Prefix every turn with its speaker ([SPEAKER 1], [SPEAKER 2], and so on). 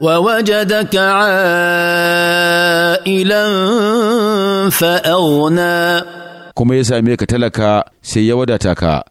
[SPEAKER 1] ووجدك عائلا فأغنى kuma ya same ka talaka sai ya wadata ka